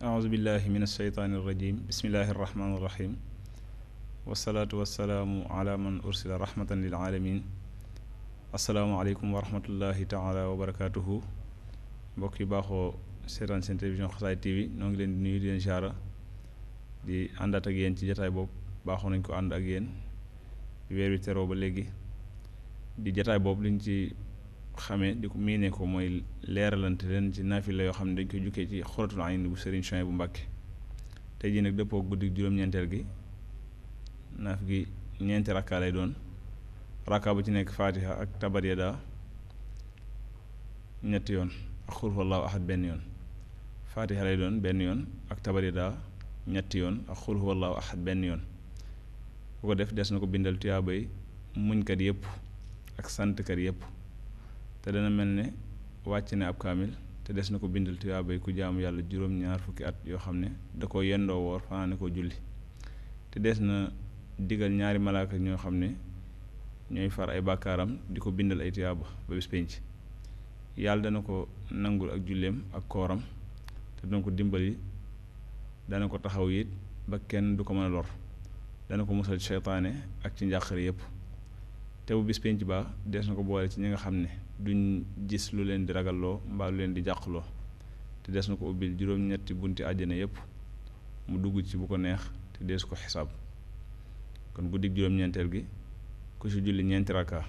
aousubillahi min alsheytaani irrajim bismillahi irrahmaani irrahim wasalaatu wasalaamu ala man ursila rahmatan lil aalamin asalaamualeykum wa rahmatullahi baaxoo seetaan seen télévision Xasaay TV noo ngi leen di nuyu di leen jaara di àndaat ak yéen ci jataay boobu baaxoo nañ ko ànd ak yéen weer wi teroo ba léegi di jataay boobu liñ ci xamee di ko miinee ko mooy leeralante leen ci naafila yoo xam ne dañ koy jukkee ci xoratul indi bu Serigne Chouaïbou Mbacké tey jii nag dëppoo guddi juróom-ñeenteel gi naaf gi ñeenti rakkaa lay doon rakkaa bu ci nekk faatiha ak tabar yada ñetti yoon ak xul huwallaahu ahad benn yoon faatiha doon benn yoon ak tabar ñetti yoon ak yoon bu ko def des na ko bindal tuyaabay muñkat yëpp ak santkat yëpp te dana mel ne wàcc na ab kaamil te des na ko bindal tuyaabay ku jaamu yàlla juróom-ñaar fukki at yoo xam ne da ko yendoo woor fanaane ko julli te des na digal ñaari malaaka ñoo xam ne ñooy far ay bàkkaaram di ko bindal ay tuyaaba ba bis penc yàlla dana ko nangul ak julleem ak kooram te dana ko dimbali dana ko taxaw it ba kenn du ko mën a lor dana ko musal seytaane ak ci njàqare yépp te bu bis penc ba des na ko boole ci ñi nga xam ne duñ gis lu leen di ragalloo mbaa lu leen di jàqloo te des na ko ubbil juróom-ñetti bunti àjjana yépp mu dugg ci bu ko neex te dees ko xisaab kon guddi juróom-ñeenteel gi ku ci julli ñeenti rakka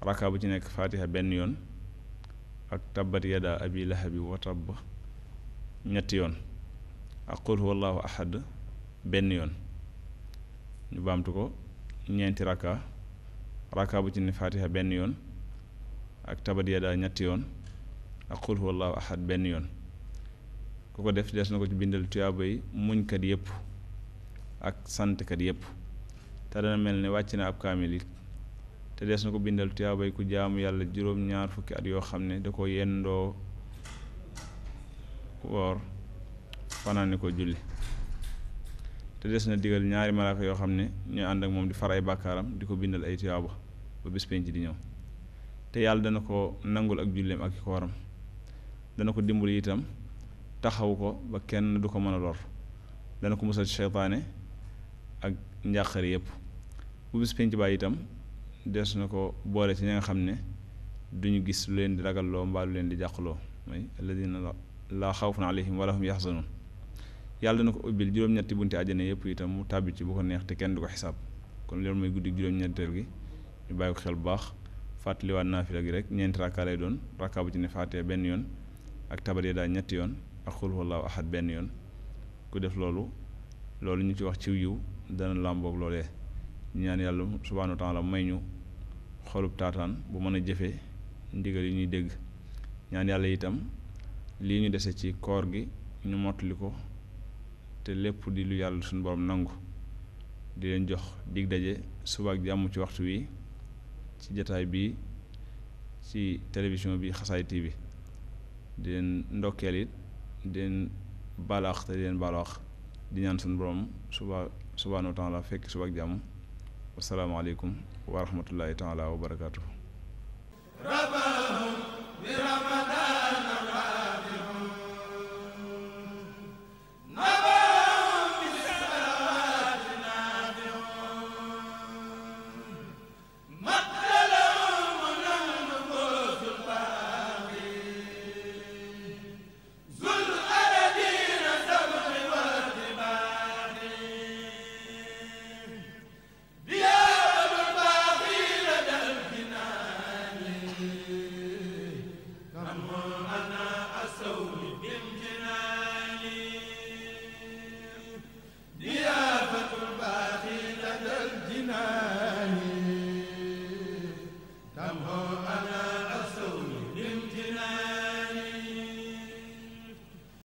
rakka bu ci nekk faatiha benn yoon ak tabbat yadaa abi lahabi wa tabb ñetti yoon ak qul huwallahu ahad benn yoon ñu baamtu ko ñeenti rakka raka bu ci ne fatiha benn yoon ak tabat yadaa ñetti yoon ak qul huwallahu ahad benn yoon ku ko def des na ko ci bindal tuyaaba yi muñkat yëpp ak santkat yëpp te dana mel ni wàcc na ab kaamil it te des na ko bindal tuyaaba yi ku jaamu yàlla juróom-ñaar fukki at yoo xam ne da ko yendoo woor fanaane ko julli te des na digal ñaari malaaka yoo xam ne ñooy ànd ak moom di far ay bàkkaaram di ko bindal ay tuyaaba ba bés di ñëw te yàlla dana ko nangul ak julleem ak i ko dana ko dimbali itam taxaw ko ba kenn du ko mën a lor dana ko musal ci seytaane ak njàqare yépp bu bis penc baay itam des na ko boole ci ñi nga xam ne duñu gis lu leen di ragalloo mbaa lu leen di jàqloo mooy alladina laa xawfun alayhim wala hum yaxzanun yàlla na ko ubbil juróom-ñetti bunti àjjana yëpp itam mu tàbbi ci bu ko neex te kenn du ko xisaab kon loolu mooy guddi juróom-ñetteel gi ñu bàyyi ko xel bu baax fàttaliwaat naafila gi rek ñeenti rakka lay doon rakka bu ci ne fàttee benn yoon ak tabar yi daal ñetti yoon ak xul wallaahu ahad benn yoon ku def loolu loolu ñu ci wax ciw yiw dana làmboog loolee ñaan yàlla subhaanahu wa taala may ñu xolub taataan bu mën a jëfee ndigal yi ñuy dégg ñaan yàlla itam lii ñu dese ci koor gi ñu mottali ko te lépp di lu yàlla suñu borom nangu di leen jox dig daje suba ak jàmm ci waxtu wi ci jataay bi ci télévision bi xasaay TV di leen ndokkeel it di leen balaax te di leen balaax di ñaan suñu borom suba subhaanahu wa taala fekk suba ak jàmm wasalaamaaleykum wa rahmatullahi taala wa barakaatu. أنا أسوي بمجد